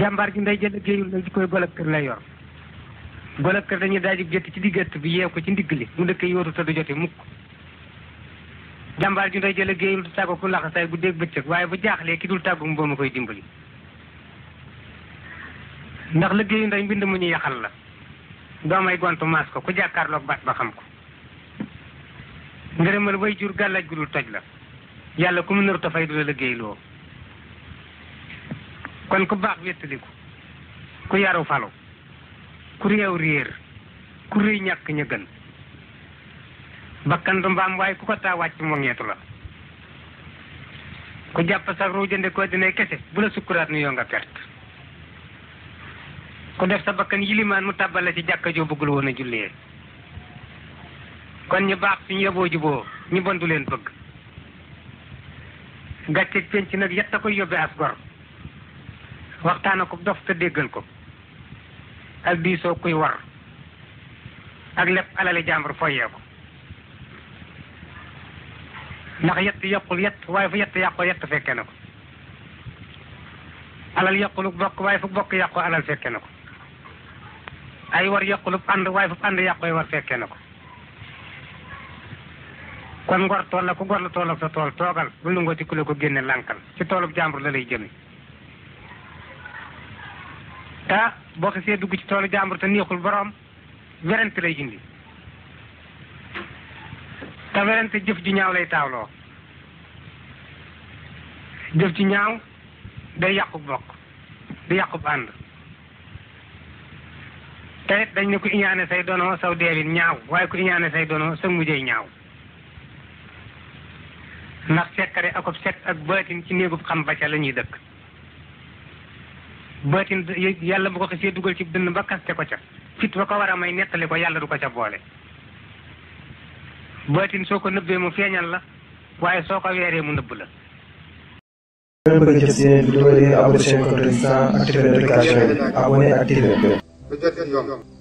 jàmbaar ji nday jël liggéeyul nag ji koy golab kër lay yor golab kër dañuy daal di jëtt ci diggante bi yeew ko ci ndigg li mu dëkk yóotu te du jote mukk jàmbaar ji nday jël liggéeyul tàggu ku laxasaay bu dégg bëccëg waaye bu jaaxlee ki dul tàggu mboo mu koy dimbali ndax liggéeyu nday mbind mu ñu yaxal la doomay gontu maas ko ku jàkkaarloog baat ba xam ko ngërëmal way jur gàllaaj gu dul toj la yàlla ku mu naru tafay du la kon ku baax wéttaliku ku yaru falu ku réew réer ku réy ñàkk ñu gën bakkan du mbaam waaye ku ko taa wàcc moo ñeetu la ku jàpp sax ruu jënde kese bu la sukkuraat ni yoo nga perte ku def sa bakkan yilimaan mu tàbbale ci jàkka joo bëggul woon a jullee kon ñu baax suñu yeboo juboo ñu bon leen bëgg gàcce penc nag yetta koy yóbbee as gor waxtaana ko dof te déggal ko ak diisoo kuy war ak lépp alali jàmbur foyee ko ndax yett yokkul yett waaye fu yett yàqoo yett fekke na ko alal yokkulub bokk waaye fu bokk yàqoo alal fekke na ko ay war yokkulub ànd waaye fu ànd yàqoo yi war fekke na ko kon ngor tool la ku ngor la tool ak sa tool toogal bu lu ngoo ci ku la ko génne lànkal ci toolub jàmbur la lay jëmi te boo xasee dugg ci toolu jàmbur te neexul boroom werante lay indi te werante jëf ju ñaaw lay taawloo jëf ju ñaaw day yàqu bokk di yàqu ànd te dañ ne ku iñaane say dono saw deewin ñaaw waaye ko iñaane say dono sa mujjee ñaaw ndax sekkare akob set ak baatin ci néegub xam ba ca la ñuy dëkk baatin yàlla bu ko xasee dugal ci dënn ba kaste ko ca fit ba ko war a may nettali ko yàlla du ko ca boole baatin soo ko nëbbee mu feeñal la waaye soo ko weeree mu nëbb la